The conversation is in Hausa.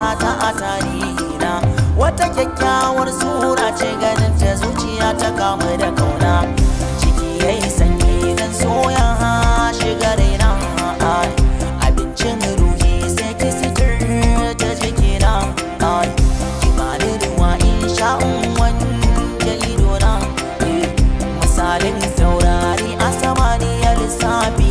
ta a tarihina wata kyakkyawar sura ce ganin ta zuciya ta kamu da kauna ciki ya yi sanyi don soya ha shiga raina abincin ruhi sai ki ta jiki na ki bani ruwa in sha unwan eh, misalin saurari a samaniyar lissafi